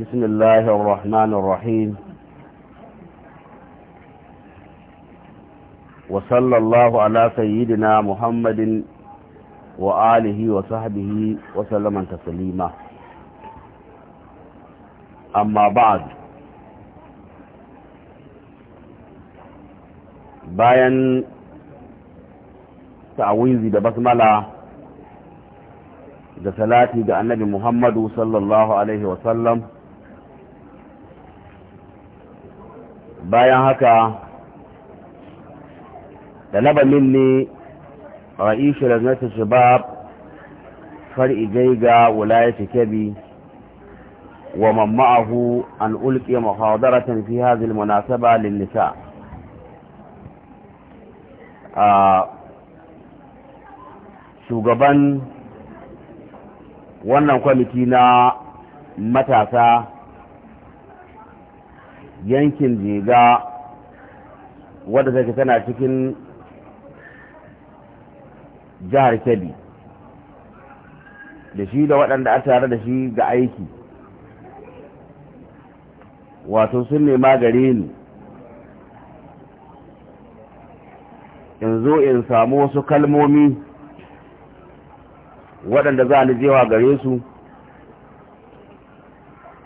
بسم الله الرحمن الرحيم وصلى الله على سيدنا محمد وآله وصحبه وسلم تسليما أما بعد bayan ta'awizi da basmala da salati ga annabi Muhammadu sallallahu alaihi wasallam bayan haka talaba minni ra'ishi raznata shabab far'i gaiga wilayati kebi wa mamma'ahu an ulqiya muhadaratan fi hadhihi almunasaba lin-nisa shugaban wannan kwamiti na matasa yankin jiga wadda take tana cikin jihar kebbi da shi da waɗanda a tare da shi ga aiki wato sun nema gare ni in zo in samu wasu kalmomi waɗanda za ni jewa gare su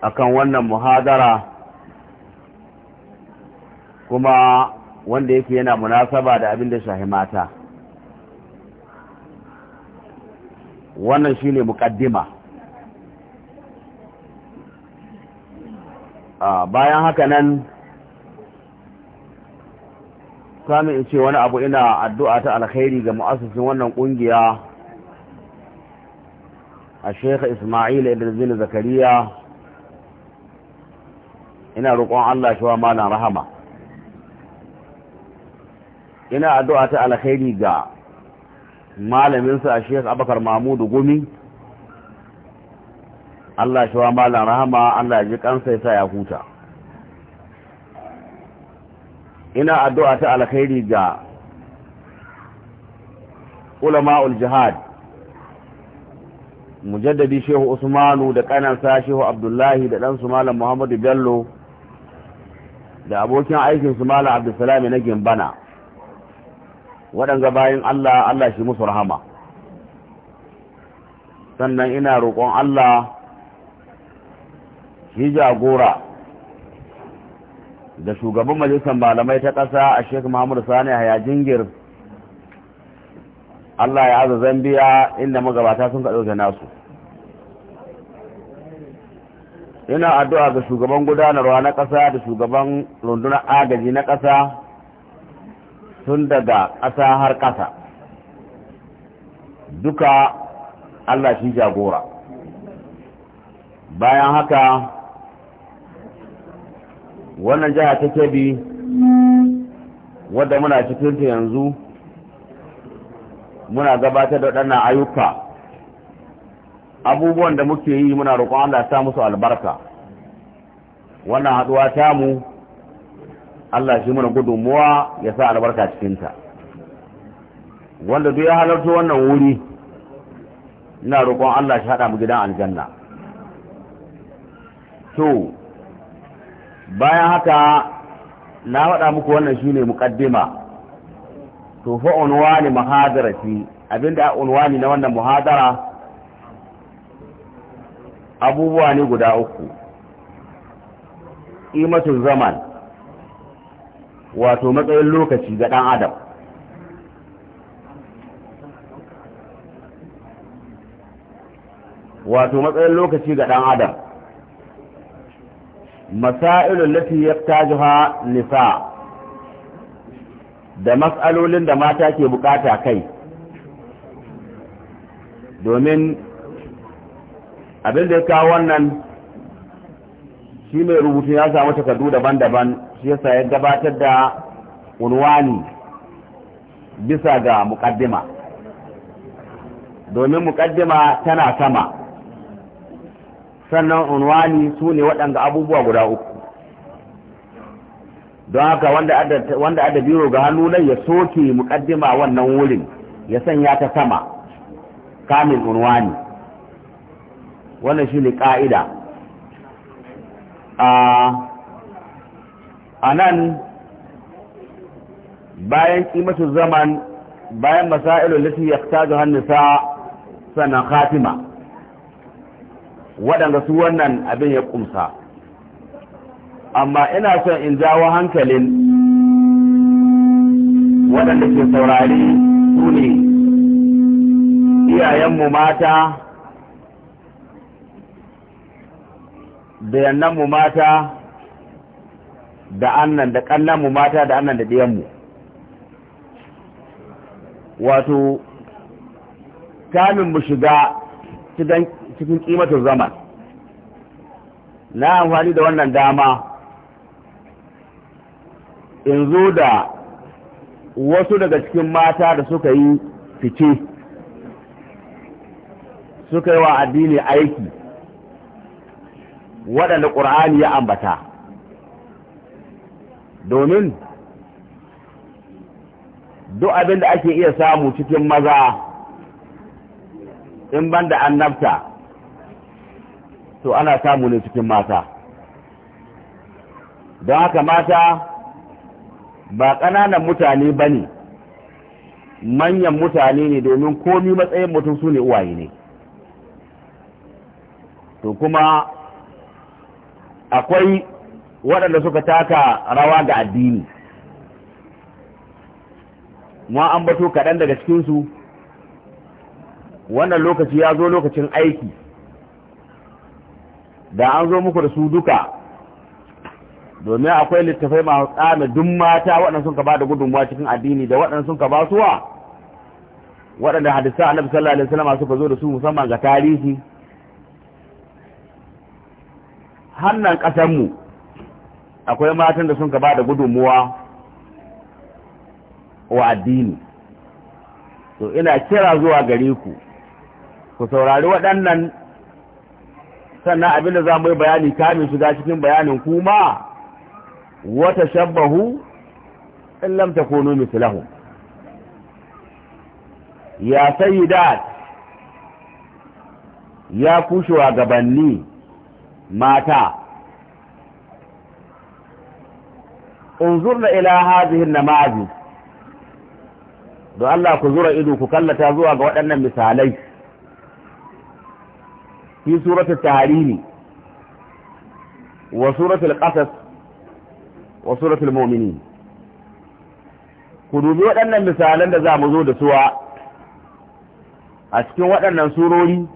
akan wannan muhadara kuma wanda yake yana munasaba da abin da shahi mata wannan shi ne mukaddima bayan haka nan kamin in ce wani abu ina addu'a ta alkhairi ga mu'assasin wannan kungiya a sheikh ismail idris zakariya ina roƙon allah shi wa malam rahama ina addu'a ta alkhairi ga malaminsa a sheik abakar mahmudu gumi Allah shi wa malam rahama Allah ji kansa ya sa ya huta ina addu'a ta alkhairi ga ulama'ul jihad mujaddadi shehu usmanu da kanansa shehu abdullahi da ɗansu malam muhammadu bello da abokin aikinsu malam abdulsalami na gimbana waɗanga bayan Allah Allah shi musu rahama sannan ina roƙon Allah shi jagora da shugaban majalisar malamai ta ƙasa a shek mahamudu sani a jingir Allah ya aza zambiya inda magabata sun kaɗo da nasu ina addu'a ga shugaban gudanarwa na ƙasa da shugaban rundunar agaji na ƙasa tun daga ƙasa har ƙasa duka Allah shi jagora bayan haka wannan jiha ta kebi wadda muna cikinta yanzu muna gabatar da waɗannan ayyuka abubuwan da muke yi muna roƙon Allah ya sa musu albarka wannan haɗuwa ta mu Allah shi mana gudunmuwa ya sa albarka cikinta wanda duk ya halarta wannan wuri ina roƙon Allah shi haɗa mu gidan aljanna to bayan haka na faɗa muku wannan shine muqaddima to fa unwani mahadarati abinda unwani na wannan muhadara abubuwa ne guda uku imatu zaman wato matsayin lokaci ga ɗan adam wato matsayin lokaci ga ɗan adam masailun lati nisa da matsalolin da mata ke bukata kai domin abin da ya kawo wannan shi mai rubutu ya samu takardu daban-daban shi yasa ya gabatar da unwani bisa ga mukaddima domin mukaddima tana sama sannan unwani su ne waɗanda abubuwa guda uku don haka wanda ada biro ga hannu nan ya soke mukaddima wannan wurin ya sanya ta sama kamin unwani wannan shi ne ƙa'ida ah, a nan bayan ƙimatun zaman bayan masa'ilu lati ya ta hannisa sannan khatima waɗanda su wannan abin ya ƙumsa amma ina son in jawo hankalin waɗanda ke saurari su ne iyayenmu mata da yannanmu mata da annan da kallan mu mata da annan da diyan mu wato kamin mu shiga cikin kimatar zaman na amfani da wannan dama in zo da wasu daga cikin mata da suka yi fice suka yi wa addini aiki waɗanda ƙur'ani ya ambata domin duk abin da ake iya samu cikin maza in banda annabta to ana samu ne cikin mata don haka mata ba ƙananan mutane ba ne manyan mutane ne domin komi matsayin mutum su ne uwaye ne to kuma akwai waɗanda suka taka rawa ga addini mu bato kaɗan daga cikinsu wannan lokaci ya zo lokacin aiki da an zo muku da su duka domin akwai littafai masu tsame dun mata waɗanda sun ka ba da gudunmuwa cikin addini da waɗanda sun ka ba suwa waɗanda hadisa annabi sallallahu alaihi wasallam suka zo da su musamman ga tarihi hannan ƙasarmu mu akwai matan da sun ka ba da gudunmuwa wa addini to ina kira zuwa gare ku ku saurari waɗannan sannan abin da za mu yi bayani kamin shiga cikin bayanin kuma wata shabbahu in lam takunu mislahum ya sayyidat ya wa gabanni mata unzurna ila hazihin namazi don Allah ku zura ido ku kallata zuwa ga waɗannan misalai fi suratul tarihi wa suratul qasas wa suratul mu'minin ku dubi waɗannan misalan da za mu zo da suwa a cikin waɗannan surori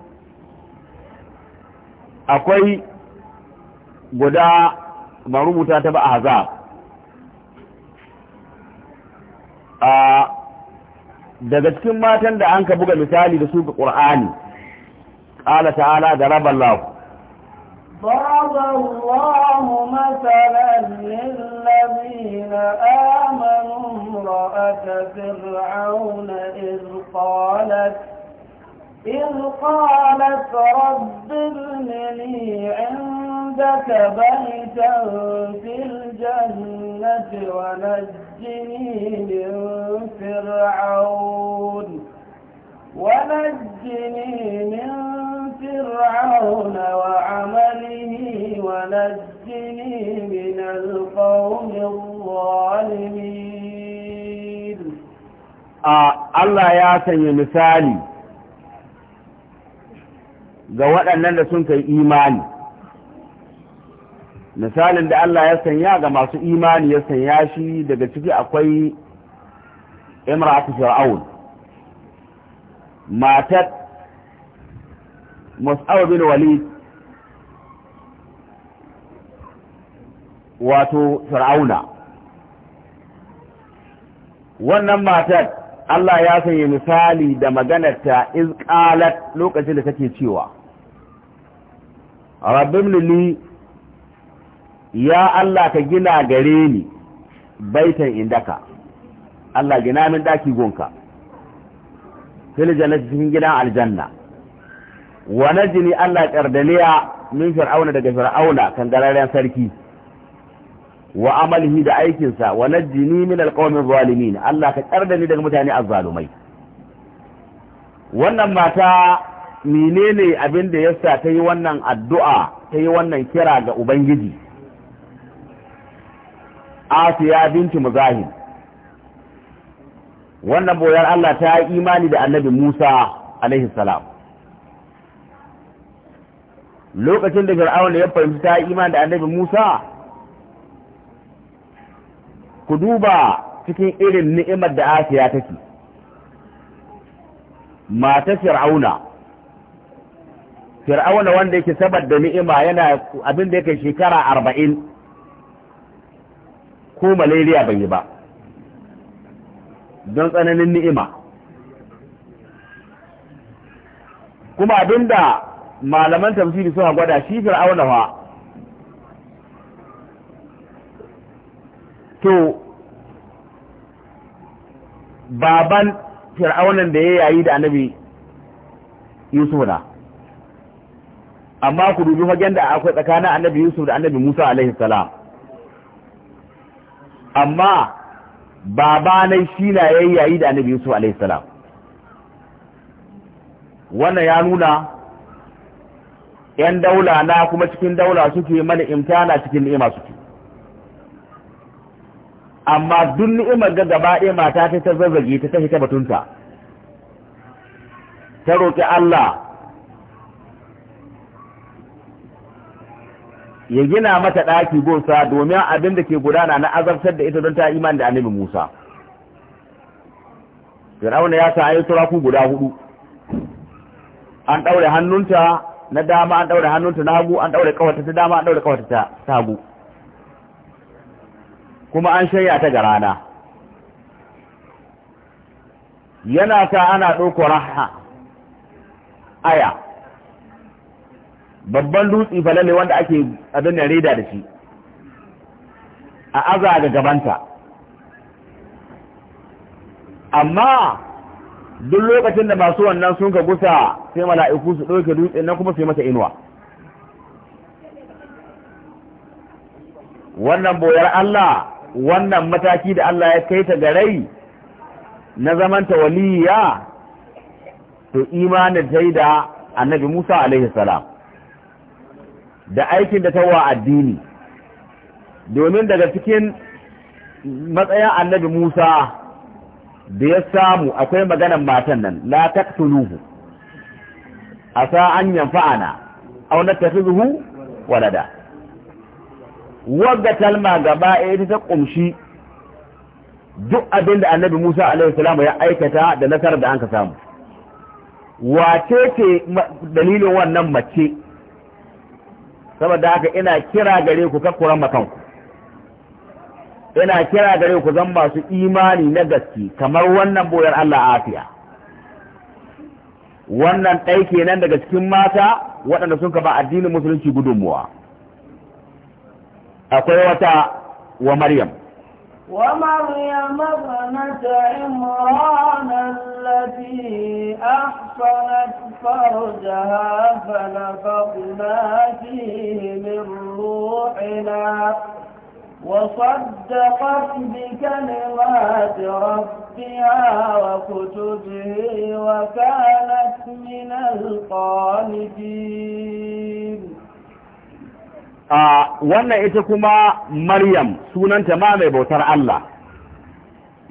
akwai guda marubuta ta ba a hazab a daga cikin matan da an ka buga misali da su ga ƙur'ani ƙala ta'ala da rabar lahu ضرب الله مثلا للذين آمنوا امرأة فرعون إذ قالت إذ قالت رب ابن لي ربك بيتا في الجنة ونجني من فرعون ونجني من فرعون وعمله ونجني من القوم الظالمين آه الله يا سيدي مثالي ga waɗannan da sun kai imani misalin da Allah ya sanya ga masu imani ya sanya shi daga ciki akwai imratu fir'aun matat mus'ab bin walid wato fir'auna wannan matar Allah ya sanya misali da maganarta qalat lokacin da take cewa rabbim li ya Allah ka gina gare ni baitan indaka Allah gina min daki gonka fil jannati cikin gidan aljanna wa najni Allah kardaniya min fir'auna daga fir'auna kan gararen sarki wa amalihi da aikinsa wa najni min alqawmi zalimin Allah ka kardani daga mutane azzalumai wannan mata menene abin da yasa ta yi wannan addu'a ta yi wannan kira ga ubangiji asiya binti muzahim wannan boyar Allah ta yi imani da annabi Musa alaihi salam lokacin da fir'auna ya fahimci ta yi imani da annabi Musa ku duba cikin irin ni'imar da asiya take mata fir'auna fir'auna wanda yake sabar da ni'ima yana abin da yake shekara arba'in ko malaria ban yi ba don tsananin ni'ima kuma abinda malaman tafsiri suka gwada shi fir'auna fa to baban fir'aunan da ya yayi da annabi yusuf na amma ku dubi fagen da akwai tsakanin annabi yusuf da annabi musa alaihi salam amma babanai shi na yayyayi da annabi Yusuf alaihi salam wannan ya nuna yan daula na kuma cikin daula suke mana imtana cikin ni'ima suke amma duk ni'imar ga gaba ɗaya mata ta ta zazzage ta ta batunta ta roƙi Allah ya gina mata ɗaki gosa domin abin da ke gudana na azabtar da ita don ta imani da annabi Musa. Fir'auna ya san ayi turaku guda hudu. An daure hannunta na dama, an daure hannunta na hagu, an daure kawata ta dama, an daure kawata ta hagu. Kuma an shirya ta ga rana. Yana ta ana ɗaukar raha aya. babban dutsi falalle wanda ake abin da reda da shi a aza ga gabanta amma duk lokacin da masu wannan sun ka gusa sai mala'iku su ɗauke dutsi, nan kuma su yi masa inuwa wannan boyar Allah wannan mataki da Allah ya kai ta garai na zamanta waliya to imanin ta da annabi Musa alaihi salam da aikin da tawa addini domin daga cikin matsayin annabi Musa da ya samu akwai maganan matan nan la taqtuluhu asa an yanfa'ana aw nattakhizuhu walada wadda talma gaba ita ta kumshi duk abin da annabi Musa alaihi salamu ya aikata da nasarar da an ka samu wace ce dalilin wannan mace saboda haka ina kira gare ku kakkuran makanku ina kira gare ku zan masu imani na gaske kamar wannan boyar Allah afiya wannan ɗai kenan daga cikin mata waɗanda sun ba addinin musulunci gudunmuwa akwai wata wa maryam ومريم ابنة عمران التي أحصنت فرجها فنفقنا فيه من روحنا وصدقت بكلمات ربها وكتبه وكانت من القانتين a wannan ita kuma maryam sunanta ma mai bautar Allah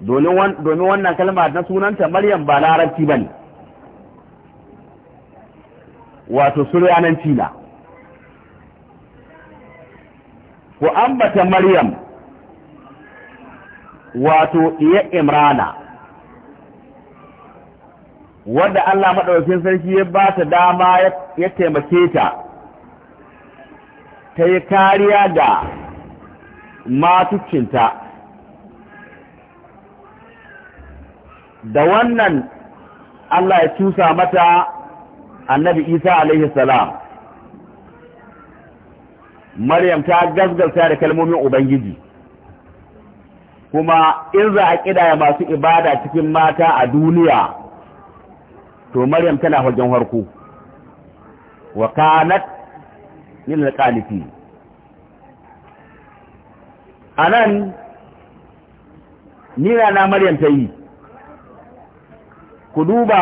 domin wannan kalma na sunanta maryam ba larabci ba ne wato suryananci na ku ambata maryam wato iya imrana wadda Allah maɗaukin sarki ya ba ta dama ya taimake ta ta yi kariya da matukinta, da wannan Allah ya cusa mata annabi isa alaihi salam maryam ta gasgasa da kalmomin ubangiji kuma in za a kidaya masu ibada cikin mata a duniya to maryam tana wajen harko wa kanat min alƙalifi a nan nira na maryam ta yi ku duba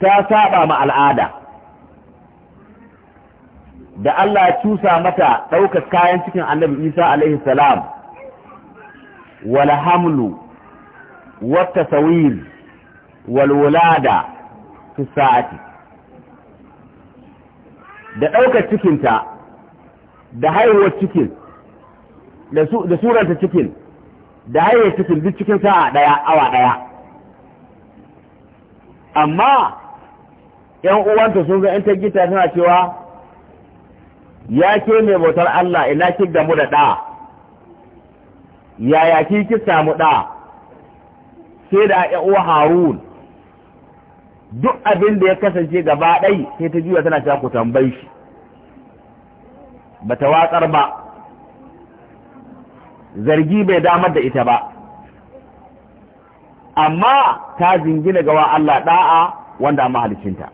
ta saba ma al'ada da Allah ya cusa mata ɗaukar kayan cikin annabi Isa alaihi salam wal hamlu wat tasawir wal wulada fi sa'ati da ɗaukar cikinta da haihuwar cikin da suranta cikin da haihuwar cikin duk cikin sa'a ɗaya awa ɗaya amma ‘yan uwanta sun ga ‘yan gita suna cewa ya ke mai bautar Allah ina ki mu da ɗa yaya ki ki samu ɗa sai da ‘yan uwa harun duk abin da ya kasance gaba ɗai sai ta juya tana cewa ku tambayi shi Ba ta watsar ba zargi bai damar da ita ba amma ta jingina gawa Allah ɗa'a wanda mahalicinta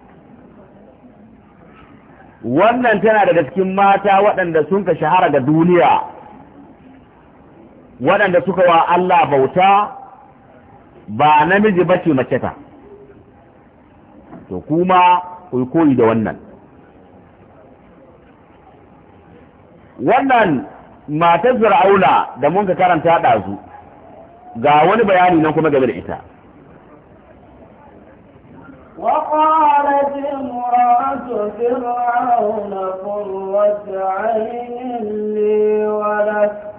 wannan tana daga cikin mata waɗanda sun ka shahara ga duniya waɗanda suka wa Allah bauta ba namiji ce mace ta to kuma ku koyi da wannan wannan matar fir'auna da mun ka karanta ɗazu ga wani bayani nan kuma game da ita وقالت امرأة فرعون قرة عين لي ولك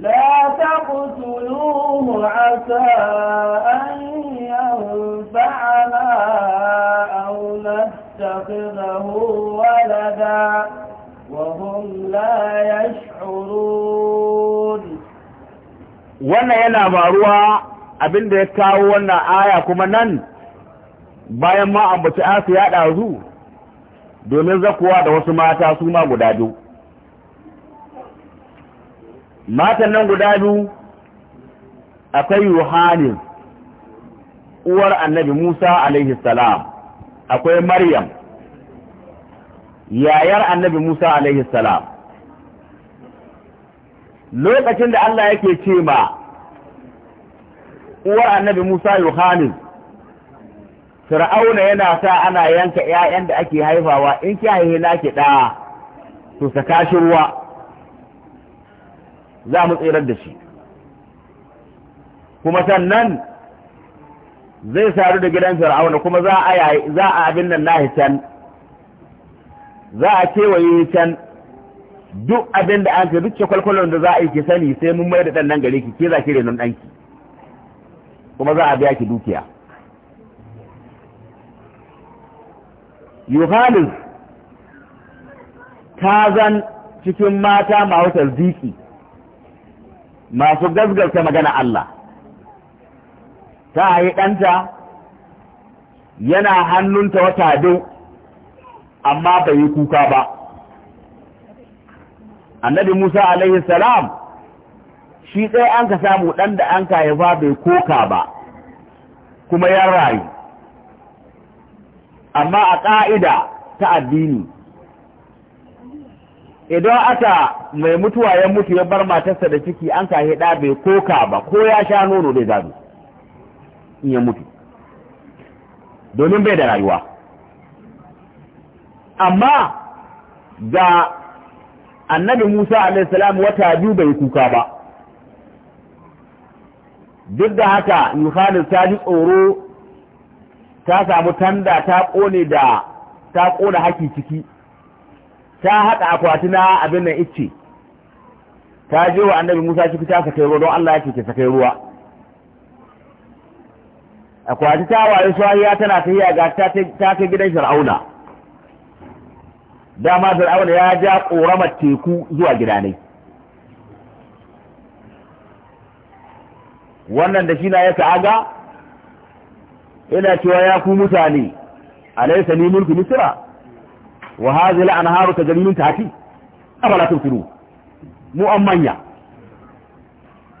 لا تقتلوه عسى أن ينفعنا أو نتخذه ولدا وهم لا يشعرون wannan yana faruwa abinda ya kawo wannan aya kuma nan bayan ma ambaci asu ya ɗazu domin zakuwa da wasu mata su ma guda biyu matan nan guda biyu akwai yohanin uwar annabi musa alaihi salam akwai maryam yayar annabi musa alaihi salam lokacin da allah yake ce ma uwar annabi musa yohanin fir'auna yana sa ana yanka 'ya'yan da ake haifawa in ki haihe na ki ɗa to saka shi ruwa za mu tsirar da shi kuma sannan zai saru da gidan fir'auna kuma za a za a abin nan nahi can za a kewaye can duk abin da an ka duk kwalkwalon da za a yi ki sani sai mun mai da ɗan nan gare ki ke za ki renon danki kuma za a biya ki dukiya yohanis ta zan cikin mata mahautar ziki masu gasgarta magana Allah ta yi ɗanta yana hannunta wata biyu amma bai yi kuka ba annabi Musa alaihi salam shi sai an ka samu ɗan da an ka haifa bai koka ba kuma ya rayu amma a ƙa'ida ta addini idan aka mai mutuwa ya mutu ya bar matarsa da ciki an ka hida bai koka ba ko ya sha nono bai zaɓi? in ya mutu domin bai da rayuwa amma ga annabi musa alaihissalam wata biyu bai kuka ba duk da haka yohanis ta ji tsoro ta samu tanda ta kone da ta kona haki ciki ta haɗa akwati na abin nan icce ta je wa annabi musa shi ta sakai ruwa don allah ya ce ke ruwa akwati ta waye shawiya tana tafiya ga ta kai gidan fir'auna dama fir'auna ya ja ƙoramar teku zuwa gidanai wannan da shi na ya ta'aga ina cewa ya ku mutane alaisa ni mulki misra wa hadhihi al-anharu tajri min tahti afala tubsiru mu an manya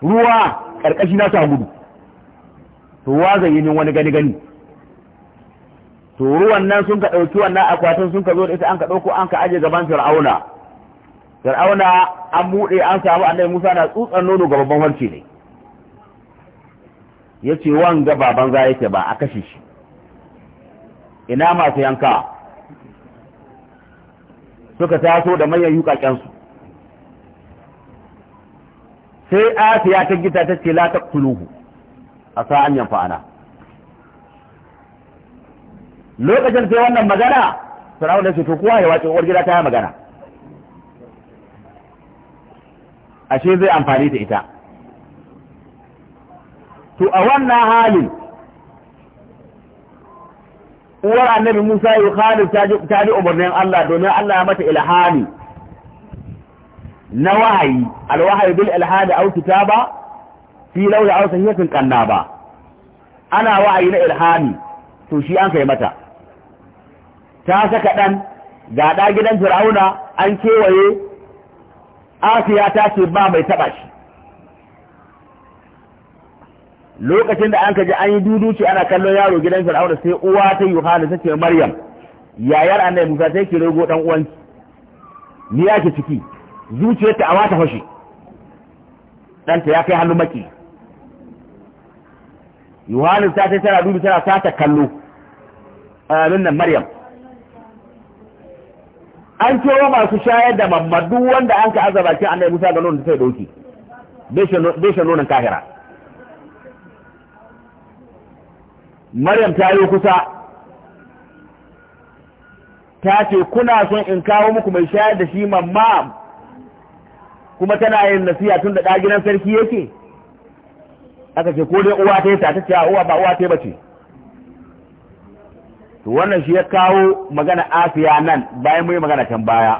ruwa karkashi na ta gudu to wa zai yi wani gani gani to ruwan nan sun ka ɗauki wannan akwatin sun ka zo da ita an ka ɗauko an ka aje gaban fir'auna fir'auna an bude an samu annabi Musa na tsutsan nono ga babban harce ne Ya ce wanga baban za yake ba a kashe shi ina masu yanka suka taso da manyan yukakensu sai asiya ta gita ta ce la kuluhu, a sa'an fa'ana lokacin sai wannan magana sarawar da ce to kowa ya wace uwar gida ta yi magana ashe zai amfani da ita to a wannan halin uwar annabi Musa yi khalif ta ji umarnin Allah domin Allah ya mata ilhami na wahayi alwahayi bil ilhadi au kitaba fi lawla aw sahihatin kanna ba ana wahayi na ilhami to shi an kai mata ta saka dan ga da gidan Fir'auna an kewaye Asiya ta ce ba mai taba shi lokacin da an ka ji an yi duduci ana kallon yaro gidan fir'auna sai uwa ta yohana ta ce maryam yayar annabi musa sai ki rogo dan uwanki ni yake ciki zuciyarta a ta fashe ɗanta ya kai hannu maki yohana ta sai tana dubi tana sata kallo a nan maryam an cewa masu shayar da mamadu wanda an ka azaba ce annabi musa ga nonon da sai dauki bai shi nonon kahira maryam ta yi kusa ta ce kuna son in kawo muku mai shayar da shi mamma kuma tana yin nasiya tun da ɗaginan sarki yake aka ce ko dai uwa ta yi ta ce uwa ba uwa ta bace to wannan shi ya kawo magana afiya nan bayan mu magana can baya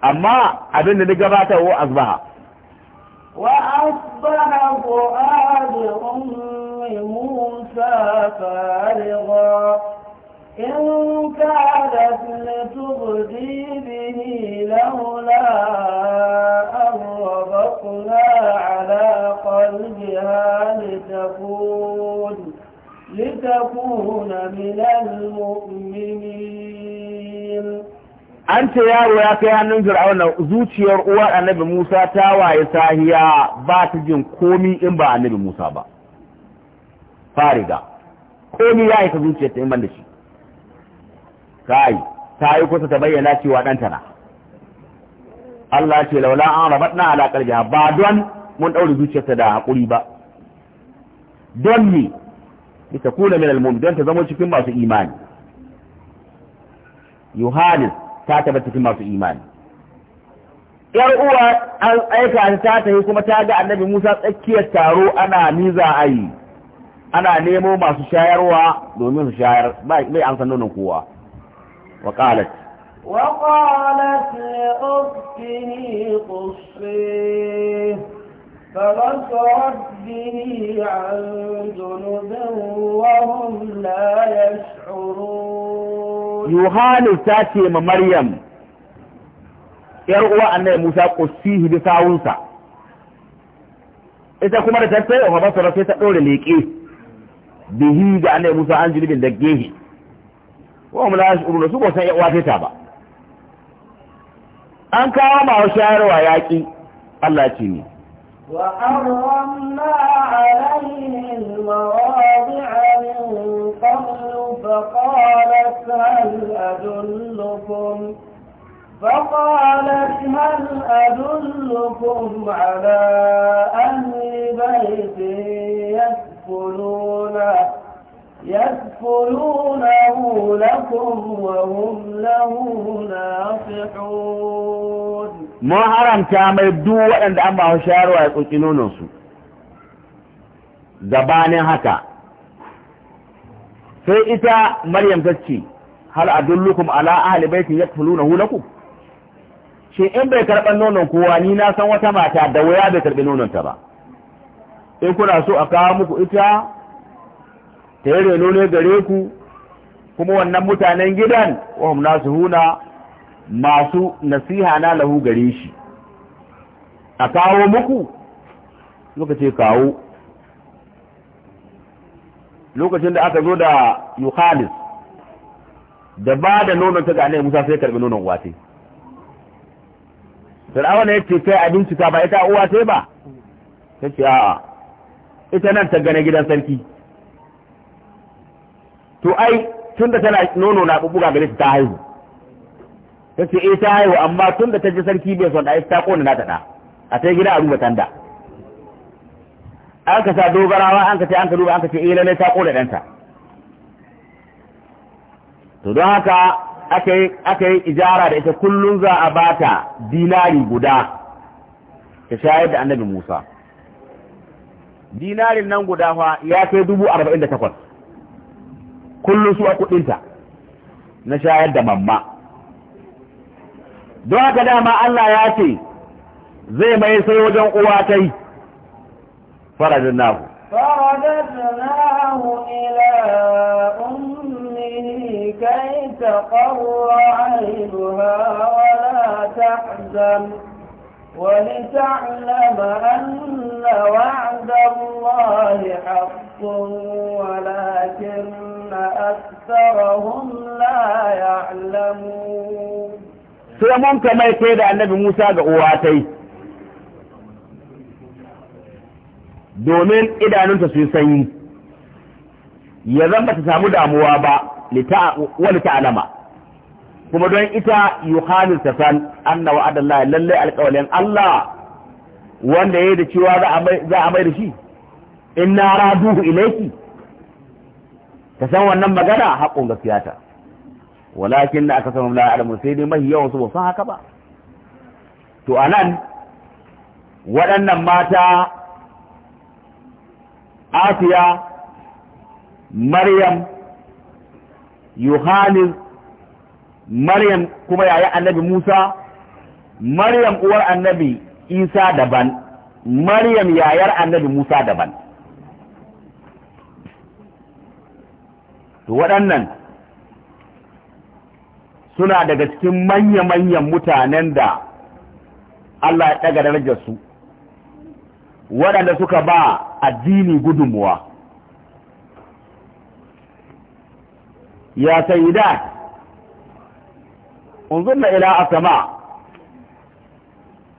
amma abin da ni gabatarwa azbaha وأصبح فؤاد أم موسى فارغا إن كادت لتبدي به لولا أن ربطنا على قلبها لتكون لتكون من المؤمنين an ce yaro ya kai hannun fir'auna zuciyar uwar annabi Musa ta waye sahiya ba ta jin komi in ba annabi Musa ba fariga komi ya yi ta zuciyar ta in ban da shi kai ta yi kusa ta bayyana cewa ɗanta na Allah ce laula an rabatna ala qalbiha ba don mun daure zuciyarta da hakuri ba don ni litakuna min almu'min don ta zama cikin masu imani Yohanis ta taba cikin masu imani yar uwa an aika an ta yi kuma ta ga annabi Musa tsakiyar taro ana niza ayi ana nemo masu shayarwa domin su shayar bai amsa nonon kowa wa qalat wa qalat li qusri qussi تُعَدِّنِي عن جُنُدًا وهم لا يشعرون yohanu ta ce ma maryam yar uwa annai musa qusihi bi sawunsa ita kuma da tattai wa basara sai ta dore da bihi ga annai musa an jirgin da gehe, wa mu la da su ba san ya uwa ta ba an kawo ma shayarwa yaƙi Allah ce ne وحرمنا عليه المواضع من فقالت هل أدلكم فقالت هل أدلكم على أهل بيت يسكنونه يسكنونه لكم وهم له ناصحون ما حرم كامل دو وأن أما هشار ويقتلون نصو زبان هكا sai ita maryam ta ce hal adullukum ala ahli baitin yakfulunahu lakum shi in bai karɓar nonon kowa ni na san wata mata da waya bai karɓi nononta ba in kuna so a kawo muku ita ta yi reno ne gare ku kuma wannan mutanen gidan wahum nasu huna masu nasiha na lahu gare shi a kawo muku suka ce kawo lokacin da aka zo da yuhalis da ba da nonon ta gane musa sai karbi nonon uwa ce fir'awa ne yace kai abinci ka ba ita uwa ce ba ce a'a ita nan ta gane gidan sarki to ai tunda tana nono na bubuga gare ta haihu tace eh ta haihu amma tunda ta ji sarki bai son da ita ta kona na ta da a sai gida a ruba tanda an ka sa dogarawa an ka ce an ka duba an ka ce eh lalle ta kore danta to don haka aka yi aka yi ijara da ita kullun za a bata dinari guda ta shayar da annabi Musa dinarin nan guda fa ya kai dubu arba'in da takwas kullum su a ta na shayar da mamma don haka dama Allah ya ce zai mai sai wajen uwa ta yi فرددناه فرددناه إلى أمه كي تقر عينها ولا تحزن ولتعلم أن وعد الله حق ولكن أكثرهم لا يعلمون sai كما kamar sai da annabi Musa domin idanunta su sanyi ya zan ta samu damuwa ba wani ta'alama kuma don ita hannun ta san anna wa lallai alkawalin Allah wanda ya yi da cewa za a mai da shi in na radu ilaiki ta san wannan magana haƙon gaskiya ta walakin na aka samu la'ar sai dai mahi yawan su san haka ba to anan waɗannan mata Asiya, maryam Yohani, maryam kuma yaya annabi musa maryam uwar annabi isa daban maryam yayar annabi musa daban to waɗannan suna daga cikin manya-manyan mutanen da Allah ya ɗaga darajarsu waɗanda suka ba addini gudunmuwa ya sayidat unzurna ila asama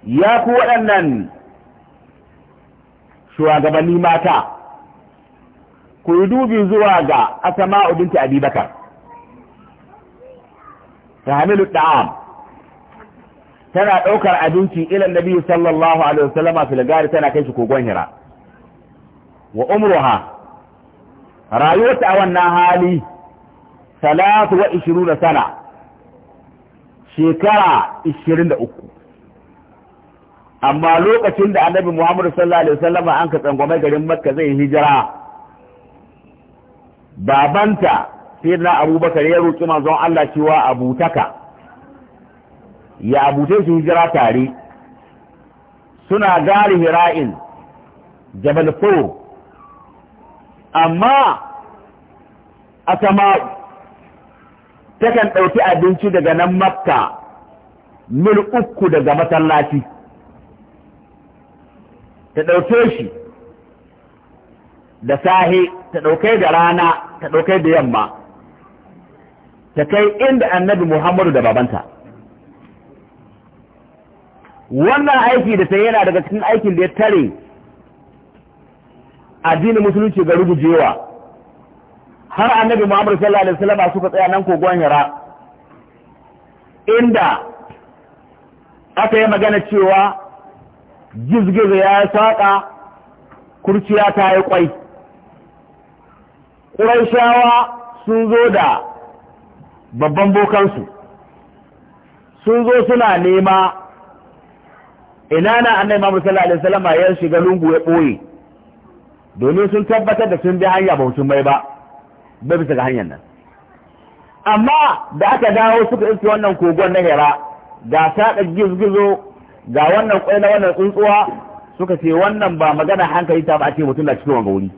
ya ku waɗannan shugabanni mata ku yi dubi zuwa ga asama binta abubakar ta hamilu da'am tana ɗaukar abinci ilan nabi sallallahu alaihi wasallama filgari tana kai shi kogon hira wa umruha rayuwarta a wannan hali salatu wa ishiru da sana shekara ishirin da uku amma lokacin da annabi muhammadu sallallahu alaihi wasallam an ka tsangwamai garin makka zai hijira babanta sai na abubakar ya roƙi manzon allah cewa abutaka ya abute su hijira tare suna gari hira'in jabal fur amma a sama takan ɗauki abinci daga nan makka mil uku daga masallaci ta ɗauke shi da sahi ta ɗauke da rana ta ɗauke da yamma ta kai inda annabi muhammadu da babanta wannan aiki da ta yana daga cikin aikin da ya tare addinin musulunci ga rugujewa har annabi Muhammad sallallahu alaihi wasallam suka tsaya nan kogon Hira inda aka yi magana cewa gizgiza ya saƙa kurciya ta yi kwai ƙuraishawa sun zo da babban bokansu sun zo suna nema ina na annabi Muhammad sallallahu alaihi wasallam ya shiga lungu ya ɓoye domin sun tabbatar da sun bi hanya ba mutum bai ba bai bisa ga hanyar nan amma da aka dawo suka iske wannan kogon na hera ga saɗa gizgizo ga wannan kwai na wannan tsuntsuwa suka ce wannan ba magana hankali ta ba ce mutum na cikin wanga wuri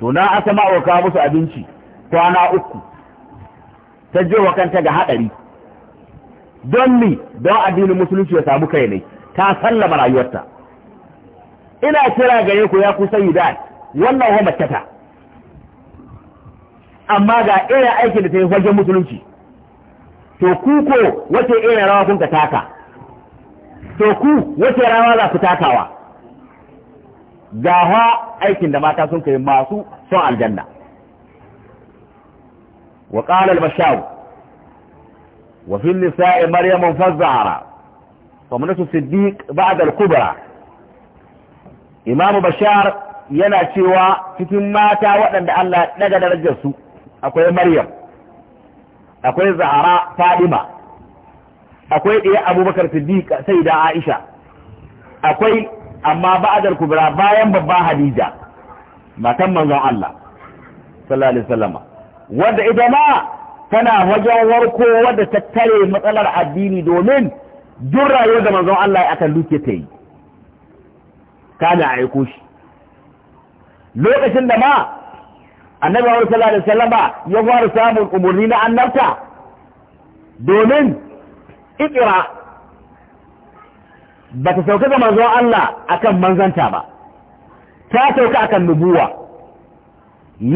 to na aka ma'auka musu abinci kwana uku ta je wa kanta ga haɗari don ni don addinin musulunci ya samu kai ne ta sallama rayuwarta ina kira gare ku ya ku sayyidat wannan wa makata amma ga irin aikin da ta yi wajen musulunci to ku ko wace irin rawa kun ka taka to ku wace rawa za ku takawa ga ha aikin da mata sun kai masu son aljanna wa qala al-bashaw wa fi an-nisa'i maryam fazara wa manatu siddiq ba'da al-kubra imamu bashar yana cewa cikin mata waɗanda Allah daga su. akwai maryam akwai Zahra fadima akwai ɗaya abubakar siddiq sai da aisha akwai amma ba'adar kubra bayan babba hadija matan manzon Allah sallallahu alaihi wasallam wanda ita ma tana wajen warko wanda ta tare matsalar addini domin duk rayuwar da manzon Allah ya akan duke ta yi kana aiko shi lokacin da ma annabi sallallahu alaihi wasallam ya fara samun umarni na annabta domin ikira ba ta sauka ga manzon Allah akan manzanta ba ta sauka akan nubuwa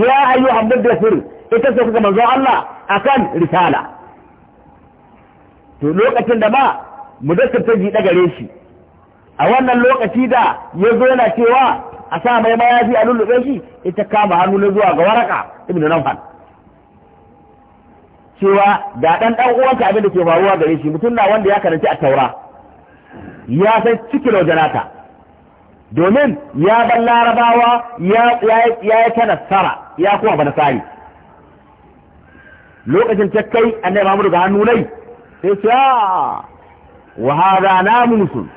ya da mudaththir ita sauka ga manzon Allah akan risala to lokacin da ma mudaththir ta ji gare shi a wannan lokaci da ya zo yana cewa a sa mai mayafi a lullube shi ita kama hannu na zuwa ga waraka ibn nafan cewa da dan dan uwanka abin da ke faruwa gare shi mutum na wanda ya karanci a taura ya san cikin janata domin ya bar larabawa ya ya ta nasara ya kuma ba nasari lokacin ta kai annabi Muhammadu ga hannu nai sai ya ah, wa hada namusun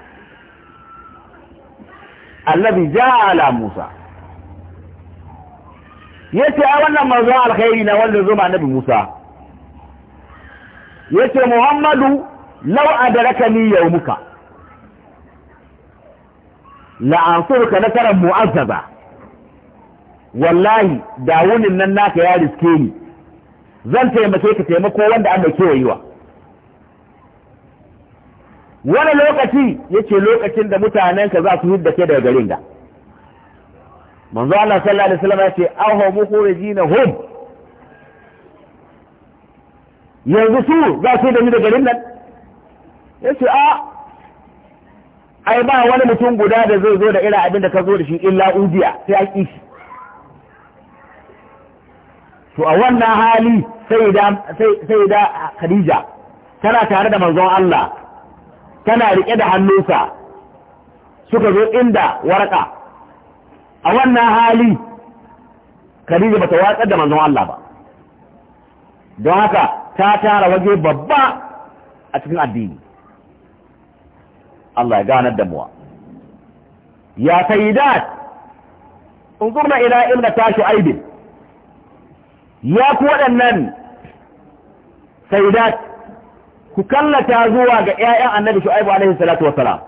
allabi ja ala musa yace a wannan manzon alkhairi na wanda zo ma nabi musa yace muhammadu law adrakani yawmuka la na nasaran mu'azzaba wallahi da wunin nan naka ya riske ni zan taimake ka taimako wanda an da kewayewa wani lokaci yake lokacin da mutanen ka za su hidda ke daga garin ga manzo Allah sallallahu alaihi wasallam yace aho mukhrijina hum yanzu su za su da ni da garin nan yace a ai ba wani mutum guda da zai zo da irin abin da ka zo da shi illa ujiya sai a kishi to a wannan hali sai da sai da Khadija tana tare da manzon Allah tana riƙe da hannunsa suka zo inda warƙa. a wannan hali Khadija bata watsar da manzon Allah ba don haka ta tara waje babba a cikin addini Allah ya ganar da muwa ya sayyidat unzurna ila ibna tashi aibin ya ku waɗannan sayyidat ku kallata zuwa ga ƴaƴan annabi shu'aibu alaihi salatu wassalam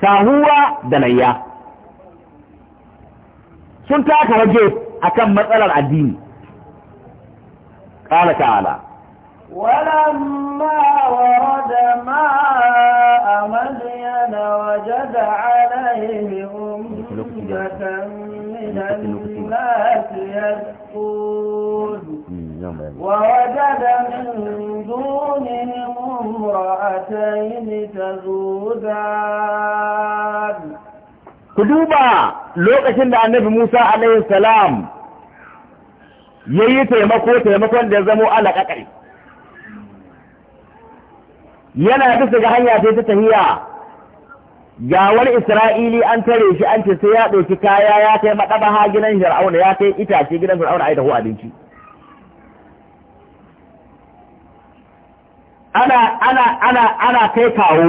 sahuwa da layya sun taka waje akan matsalar addini قال تعالى ولما ورد ماء مدين وجد عليه أمة من الناس يسكون kuduba ku duba lokacin da annabi Musa alaihi salam ya yi taimako taimakon da ya zamo alaƙaƙari yana bisa ga hanya ta tahiya ga wani isra'ili an tare shi an ce sai ya ɗauki kaya ya kai maɗaba ha gidan fir'auna ya kai itace gidan fir'auna a yi taho abinci ana ana ana ana kai kawo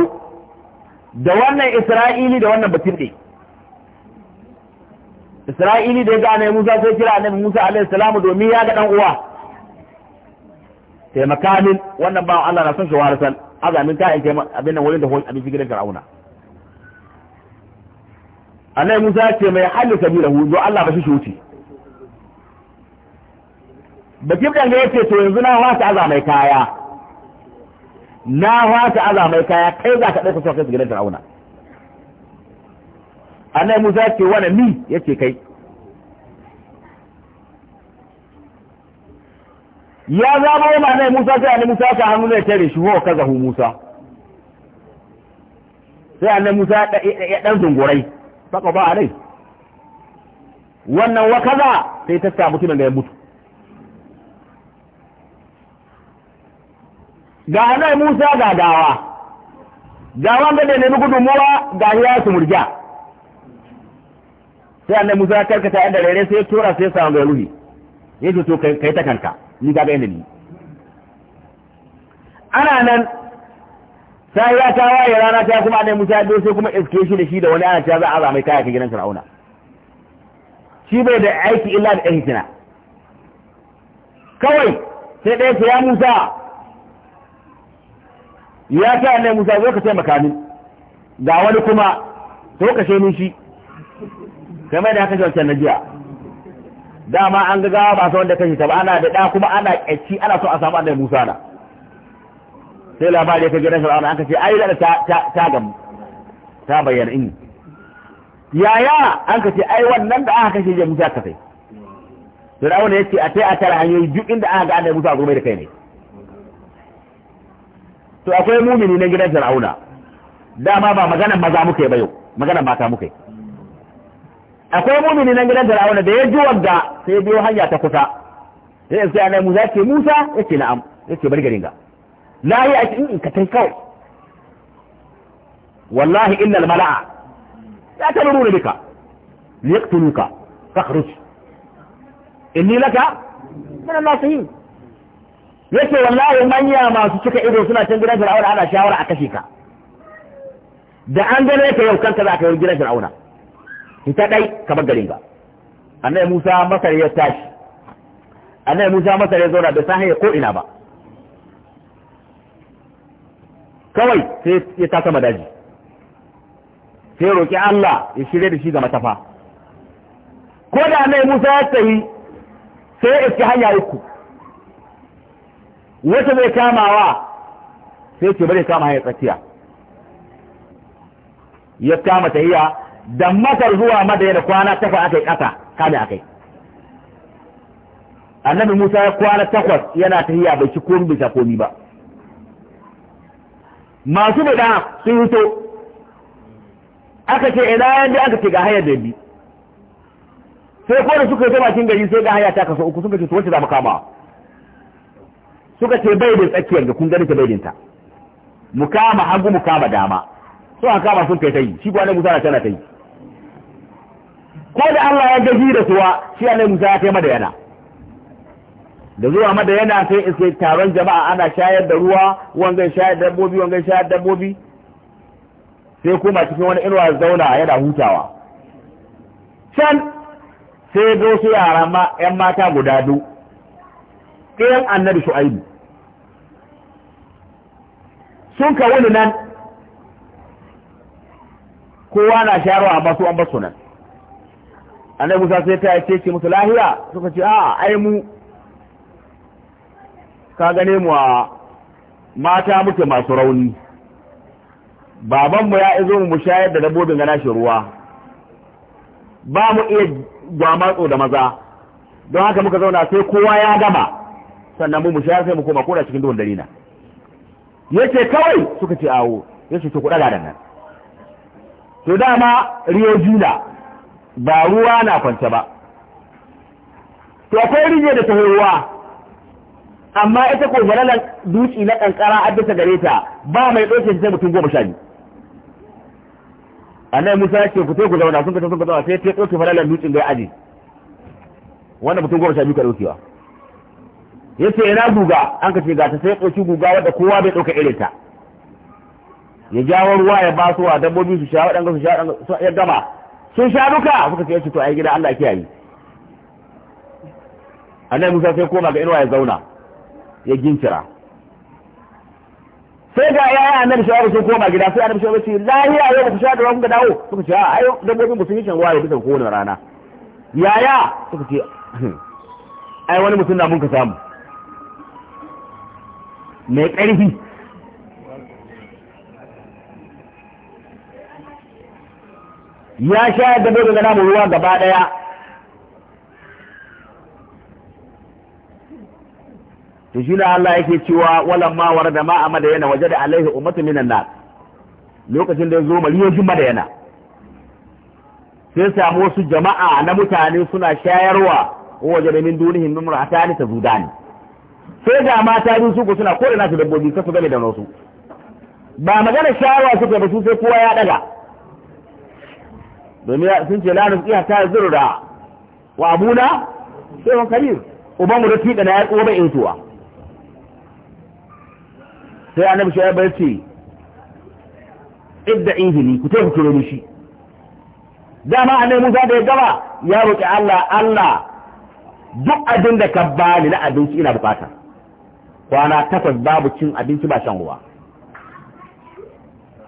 da wannan isra'ili da wannan batun ne isra'ili da ya ga annabi musa sai kira annabi musa alaihi salamu domin ya ga dan uwa taimaka min wannan ba allah na son shi warasan azamin ta in taimaka abin nan wurin da hon abin gidan farauna annabi musa ya ce mai halli sabilahu don allah ba shi shi wuce batun ɗan ya ce to yanzu na wasa azamai kaya na wata azamai kaya kai za ka ɗauka sauƙin su gidan fir'auna annai musa ce wani ni ya ce kai ya zama wani annai musa sai annai musa ka hannu ne tare shi wa kazahu musa sai annai musa ya ɗan zungurai saka ba a rai wannan wa kaza sai ta samu tunan da ya mutu ga anai Musa ga gawa ga wanda da nemi gudunmuwa ga ya su murja sai annabi Musa karkata yadda rere sai tura sai sa ga ruhi yace to kai ta kanka ni ga bayan ni ana nan sai ya ta waye rana ta kuma annabi Musa dole sai kuma iske shi da shi da wani ana ta za a zamai kaya ka gidan Fir'auna shi bai da aiki illa da ɗan hikina kawai sai ɗaya ya Musa ya ta annai musa zo ka taimaka min ga wani kuma to ka shenu shi kamar da haka shi wancan najiya dama an ga gawa ba sa wanda kashi ta ba ana da da kuma ana ƙyaci ana so a samu annai musa na sai labari ya kai gidan shi an kace ce ai da ta ta gamu ta bayyana in yaya an ka ce ai wannan da aka kashe jiya musa ka sai fir'auna ya ce a tai a tara hanyoyi duk inda aka ga Annabi musa gobe da kai ne to akwai mumini na gidan fir'auna dama ba magana maza muke yi ba yau maganan mata muke akwai mumini na gidan fir'auna da ya ji wanda sai biyo hanya ta kusa sai sai sai Musa ce Musa yace na'am yace bar garin ga la yi ake in ka tai kawai wallahi innal mala'a ya ta nuru bika liqtuluka fakhruj inni laka من الناصحين yake wallahi manya masu cika ido suna can gidan fir'auna ana shawara a kashe ka da an gane ka yau kanka za ka yi gidan fir'auna ita dai kamar garin ka annabi Musa masar ya tashi annabi Musa masar ya zauna da sahiya ko ina ba kawai sai ya taka madaji sai roƙi Allah ya shirye da shi ga matafa ko da annabi Musa ya tsayi sai ya iske hanya uku wata zai kamawa sai ce bari kama ya tsakiya ya kama ta tahiya da matar zuwa madaya da kwana takwas aka yi kasa kada yi annabi musa ya kwana takwas yana ta tahiya bai ci komi bisa komi ba masu bida sun hito aka ce ina yanda aka ce ga hayar da bi sai ko da suka yi ta bakin gari sai ga hayar ta kasa uku sun ce su wacce za mu kama suka ce bai da tsakiyar ga kun gani ta bai dinta mu kama hagu mu kama dama so an kama sun kai ta yi shi ko annabi Musa tana ta yi ko da Allah ya gaji da kuwa shi annabi Musa ya kai yana. da zuwa yana sai in sai taron jama'a ana shayar da ruwa zai shayar da dabbobi zai shayar da dabbobi sai kuma cikin wani inuwa zauna yana hutawa can sai ga wasu yara ma 'yan mata guda biyu ɗayan annabi shu'aibu sun ka wani nan kowa na shayarwa amma su an basu nan annabi musa sai ta yace ce musu lahiya suka ce a ai mu ka gane mu a mata muke masu rauni babanmu ya izo mu shayar da dabbobin gana shi ruwa ba mu iya gwamatso da maza don haka muka zauna sai kowa ya gama sannan mu mu shayar sai mu koma koda cikin duhun dalina yace kawai suka ce awo yace to ku daga nan to dama riyo na ba ruwa na kwance ba to akwai rijiya da ta amma ita ko malalan duci na kankara a bisa gare ta ba mai ɗauke sai mutum goma sha biyu annabi Musa ya ce ku ku zauna sun ka sun ka zauna sai ta ɗauke malalan dutsen gai aji wannan mutum goma sha biyu ka ɗaukewa ya ce yana guga an ka ce ga ta sai ɗauki guga wadda kowa bai ɗauka irin ta ya jawo ruwa ya ba su wa dabbobi su sha waɗanda su sha waɗanda ya gama sun sha duka suka ce to ai gida Allah kiyaye annabi Musa sai koma ga inuwa ya zauna ya gincira sai ga yaya annabi shawar sun koma gida sai annabi shawar ce lahiya yau ba ku sha da ruwan ga dawo suka ce ai dabbobi ba sun yi shan ruwa ya bisa kowane rana yaya suka ce hmm, ai wani mutum na mun ka samu mai ƙarfi ya shayar da bai dogon mu ruwa gaba ɗaya to shi Allah yake cewa walan ma warada ma a madayana waje da alaihi umatu minan na, lokacin da ya zo da yana, sai samu wasu jama'a na mutane suna shayarwa waje da min dunihin min ta zudani sai ga mata biyu su ko suna kore nasu dabbobi sai su gane da nasu ba magana shawara suke ba su sai kowa ya daga domin sun ce lanin iya ta zurra wa abuna sai wani karir uban mu da tiɗa na ya tsoba in tuwa sai annabi shi ya bar ce idda ihili ku tafi kiro shi dama annabi Musa da ya gaba ya roki Allah Allah duk abin da ka bani na abinci ina bukata kwana takwas babu cin abinci ba shan ruwa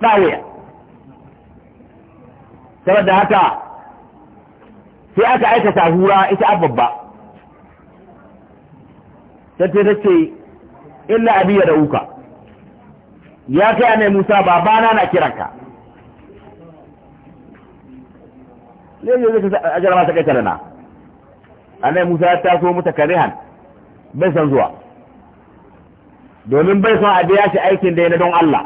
ɗawuya saboda haka sai aka aikata hura ita abubba ta ce ta ce illa abi ya uka ya kai mai musa babana na kiranka ne yanzu a ajiyar ta kai tare na nai musa ya taso mutakarihan bai san zuwa domin bai son a biya shi aikin da ya na don Allah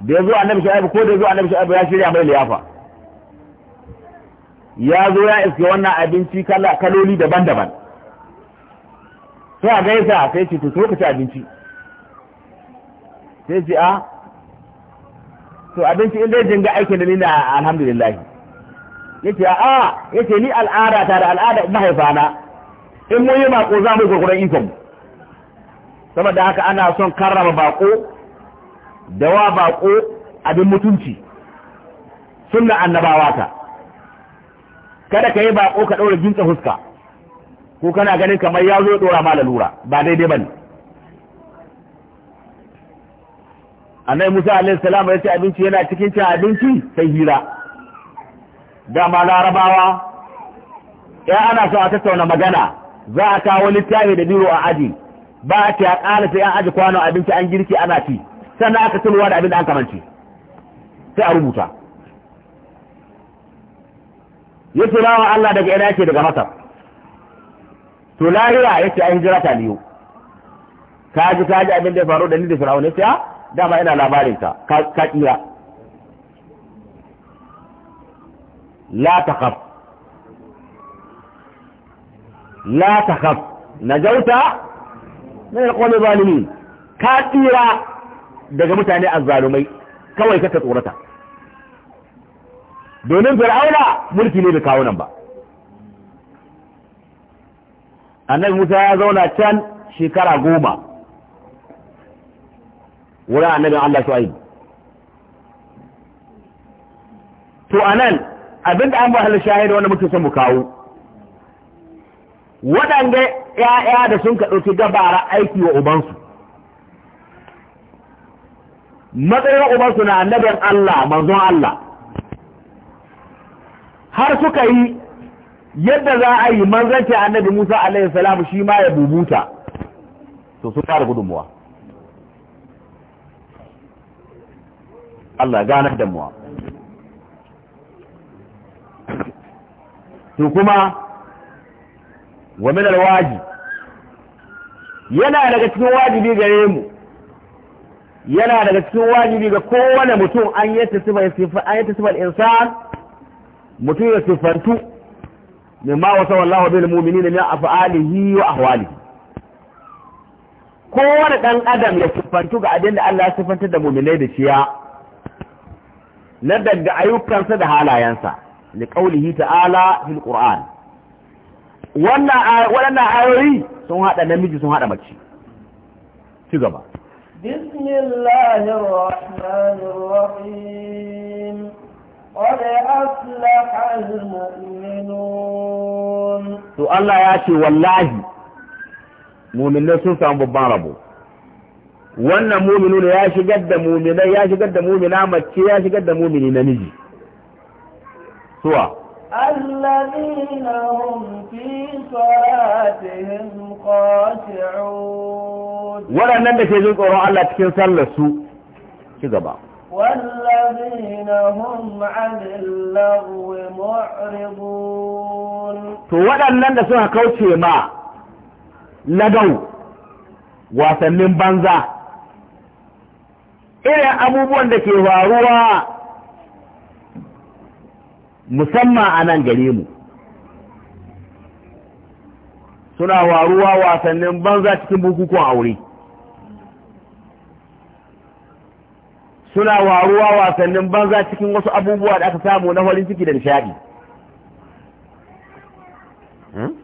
da ya zo annabi shi ko da ya zo annabi shu'aibu ya shirya mai liyafa ya zo ya iske wannan abinci kaloli daban-daban sai a gaisa sai ce to ka ci abinci sai ce a to abinci inda ya jinga aikin da ni na alhamdulillah yace a yace ni al'ada ta da al'ada mahaifana in mun yi mako za mu gurgurar ikon mu da haka ana son karrama bako da wa bako abin mutunci sunna annabawa ta kada ka yi bako ka ɗaura jinsa huska ko kana ganin kamar ya zo ɗora ma lalura ba daidai ba ne annai musa alaihi salam ya ce abinci yana cikin cin abinci sai hira dama larabawa ya ana so a tattauna magana za a kawo littafi da biro a aji ba a ce a ƙara sai an aji kwano abinci an girki ana ci sannan aka tunuwa da abin da an kamanci sai a rubuta ya wa Allah daga ina yake daga Masar to lahira ya ce an jira ta liyo ka ji ka ji abin da ya faru da ni da Fir'aun ya ce ah, dama ina labarin ka ka kira la takhaf la takhaf najauta na ya kone zalimi ka tsira daga mutane azzalumai kawai ka tsorata domin fir'auna mulki ne da kawo nan ba annabi musa ya zauna can shekara goma wura annabin allah shu'aib to anan abinda an ba halar shahida wanda muke sun mu kawo waɗanda ‘ya'ya da sun kaɗauki ɗauki gabara aiki wa ubansu matsayin ubansu na annabin Allah manzon Allah har suka yi yadda za a yi manzanci annabi Musa a.s. shi ma ya bubuta to sun fara gudunmuwa Allah ganar da muwa to kuma wa min al-waji yana daga cikin wajibi ga mu yana daga cikin wajibi ga kowane mutum an yi ta tasifar insan mutum ya sifantu min ma wasa wallahu bil mu'minin min af'alihi wa ahwalihi kowane dan adam ya sifantu ga abin da Allah ya sifantar da mu'minai da ciya na daga ayyukansa da halayensa li qawlihi ta'ala fil qur'an Wannan ayoyi sun haɗa namiji sun haɗa mace ci gaba To Allah ya ce wallahi muminai sun samu babban rabo wannan muminu ne ya shigar da muminai ya shigar da mumina mace ya shigar da mumini namiji suwa الذين هم في صلاتهم خاشعون ولا ولن نبكي ذكر على تكن سلسو كذبا والذين هم عن اللغو معرضون تو ولن نبكي كوشي ما لغو wasannin banza irin abubuwan da ke faruwa musamman a nan gare mu suna waruwa wasannin banza cikin bukukuwan aure suna waruwa wasannin banza cikin wasu abubuwa da aka samu na farin ciki da nishadi hmm?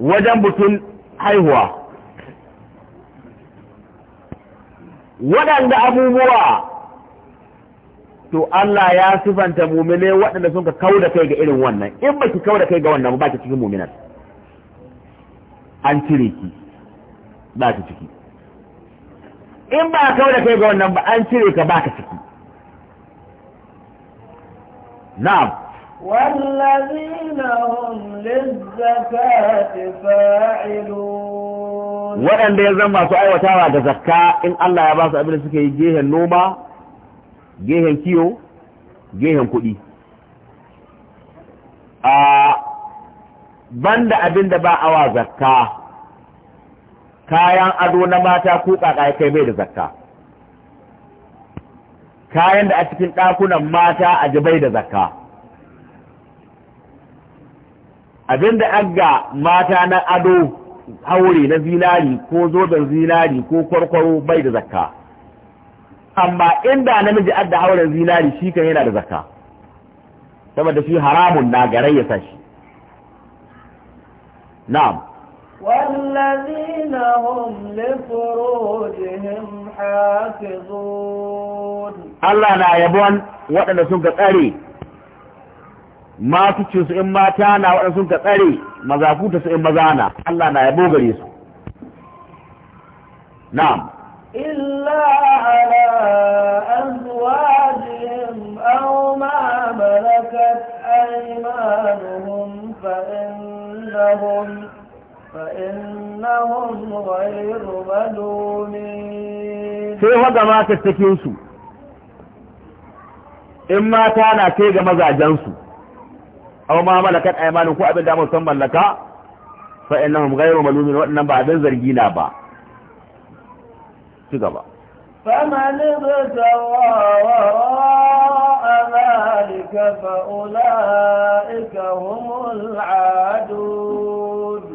wajen butun haihuwa waɗanda abubuwa to Allah ya sifanta mumine waɗanda sun ka kauda kai ga irin wannan in baki kauda kai ga wannan ba ki cikin muminan an cire ki ba ki ciki in ba kauda kai ga wannan ba an cire ka ba ka ciki na'am والذين waɗanda ya zama su aiwatawa da zakka in Allah ya ba su abin da suke yi gehen noma gehen kiyo gehen kuɗi a banda abinda da ba awa zakka kayan ado na mata ko kaka kai bai da zakka kayan da a cikin ɗakunan mata a ji bai da zakka abinda da agga mata na ado haure na zinari ko zoben zinari ko kwarkwaro bai da zakka amma inda namiji adda hauren zinari shi kan yana da zaka saboda shi haramun na garai ya sashi na'am wallazina hum li furujihim hafizun Allah na yabon waɗanda sun ka tsare masu ci su in mata na waɗanda sun ka tsare maza su in maza na Allah na yabo gare su na'am إلا على أزواجهم أو ما ملكت أيمانهم فإنهم فإنهم غير مدونين sai in mata na kai ga mazajensu aw ma malakat aymanukum ko abin da mutum mallaka malumin waɗannan ba abin zargi na ba ci gaba.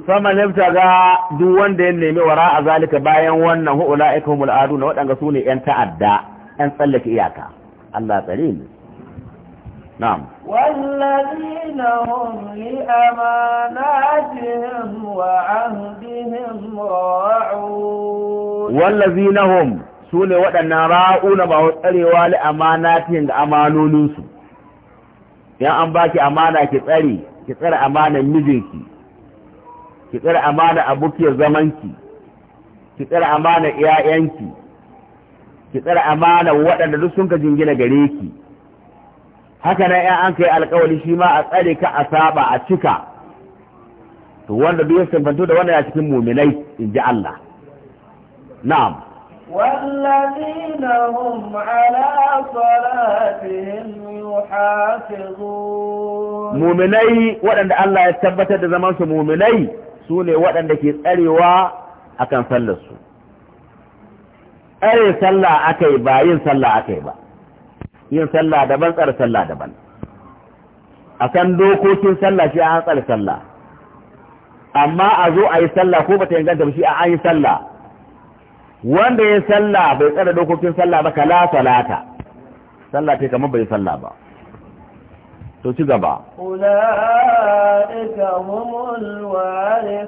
Sama ne ta ga duk wanda ya nemi wara a zalika bayan wannan hu'ula ikahumul adu na waɗanda ‘yan ta'adda, ‘yan tsallake iyaka, Allah tsare ne. نعم والذين هم لأماناتهم وعهدهم راعون والذين هم سولي ودنا راعون بأسألوا لأماناتهم أمانونسوا yan an baki amana ki tsare ki tsare amanan mijinki ki tsare amana abokiyar zamanki ki tsare amana iyayenki ki tsare amana waɗanda duk sun ka jingina gareki. haka nan ‘yan an kai alkawali shi ma a tsare ka a saba a cika to wanda duk ya da wanda ya cikin muminai in ji Allah na'am muminai waɗanda Allah ya tabbatar da zamansu muminai su ne waɗanda ke tsarewa a kan sallarsu tsare sallah aka yi ba yin sallah aka yi ba yin sallah daban tsara sallah daban a kan dokokin sallah shi an tsara sallah amma a zo a yi sallah ko bata inganta ba shi an yi sallah wanda ya sallah bai tsara dokokin sallah ba kala salata sallah ta kamar bai sallah ba to ci gaba in ka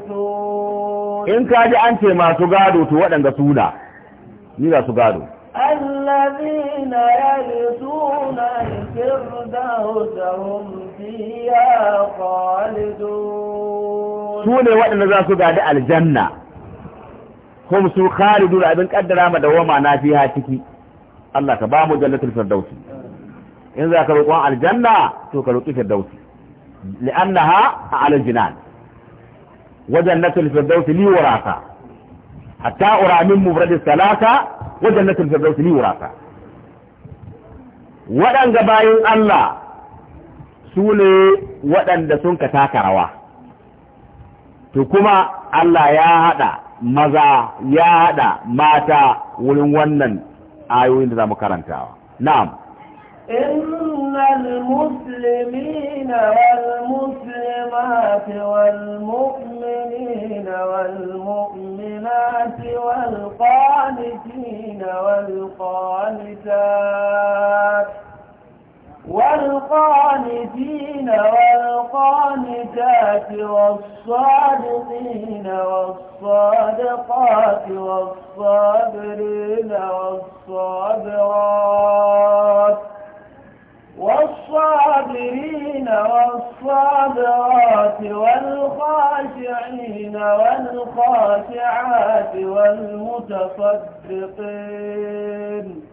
ji in kaji an ce masu gado to waɗanda suna ni ga su gado الذين يرثون الفردوس هم فيها خالدون سونا وإن ذا سبعد الجنة هم سو خالدون أبن قدر ما دوما نافيها تكي الله كبامو جنة الفردوس إن ذا كرقوا الجنة تو كرقوا الفردوس لأنها على الجنان وجنة الفردوس لي وراثا حتى أرى من مفرد الثلاثة wa jannatul firdaus li wurasa waɗanga bayin Allah su ne waɗanda sun ka taka rawa to kuma Allah ya haɗa maza ya haɗa mata wurin wannan ayoyin da za mu karantawa na'am إن المسلمين والمسلمات والمؤمنين والمؤمنات والقانتين والقانتات والقانتين والقانتات والصادقين والصادقات والصابرين والصابرات والصابرين والصابرات والخاشعين والخاشعات والمتصدقين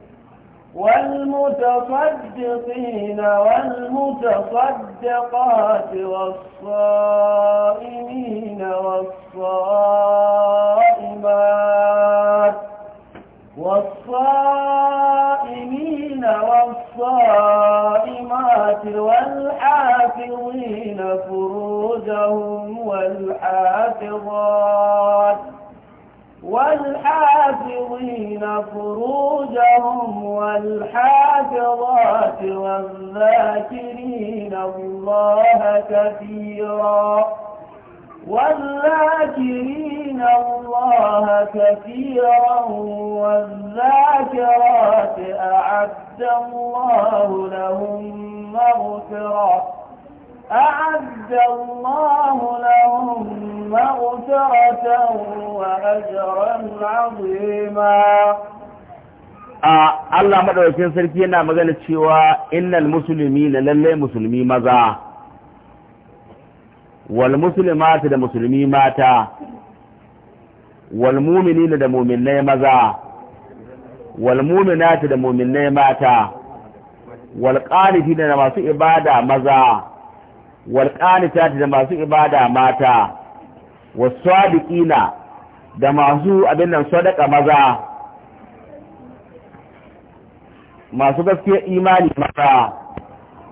والمتصدقين والمتصدقات والصائمين والصائمين Allah madaukakin sarki yana magana cewa innal musulmi na lalle musulmi maza wal muslimati da musulmi mata wal mu'minina da mu'minnai maza wal mu'minati da mu'minnai mata wal qanitina da masu ibada maza wal qanitati da masu ibada mata was sadiqina da masu abin nan sadaka maza masu gaskiyar imani mata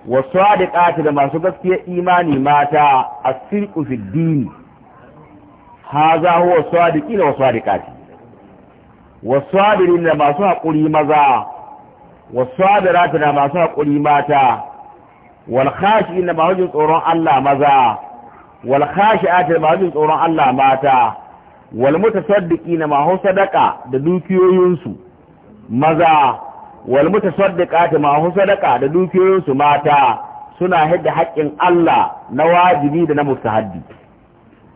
wasu ta da masu gaskiyar imani mata a sirku fiddini ha za huwa sadiki da wasu wa wasu da masu haƙuri maza wasu adirati da masu haƙuri mata walhashi da masu tsoron Allah maza wal ati da masu tsoron Allah mata walmutasaddiki ma hu sadaka da dukiyoyinsu maza wal mutasaddiqati ma hu sadaqa da dukiyoyin su mata suna hidda haƙƙin Allah na wajibi da na mustahabbi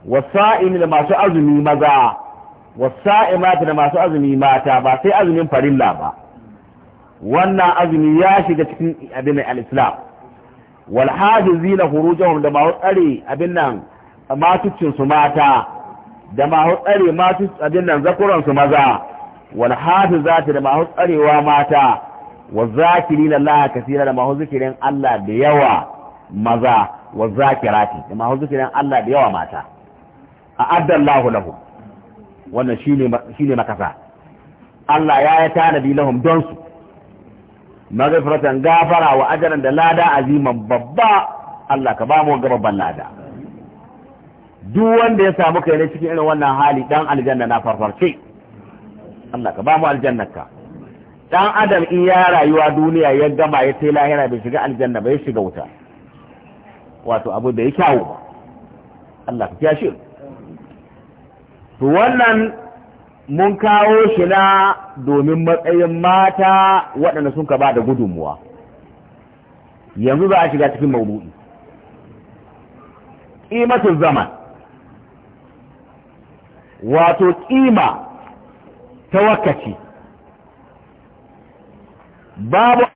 wasa'imi da masu azumi maza wasa'imati da masu azumi mata ba sai azumin farilla ba wannan azumi ya shiga cikin abin al-islam wal hajizina khurujahum da ma tsare abin nan matuccin su mata da ma tsare matu abin nan zakuran su maza wal hafizati da masu tsarewa mata wa zakirina Allah kasira da masu zikirin Allah da yawa maza wa zakirati da masu zikirin Allah da yawa mata A a'adda Allahu lahum wannan shine shine makasa Allah ya yi tanadi lahum don su maghfiratan gafara wa ajran da lada aziman babba Allah ka ba mu ga babban lada duk wanda ya samu kai ne cikin irin wannan hali dan aljanna na farfarce Allah ka ba mu aljannarka dan adam in ya rayuwa duniya ya gama ya tai lahira bai shiga aljanna bai shiga wuta wato abu da ya kyawu Allah ka kiyashe to wannan mun kawo shi na domin matsayin mata waɗanda sun ka ba da gudunmuwa yanzu za a shiga cikin mawudu'i ƙimatun zaman wato ƙima ta wakaci babu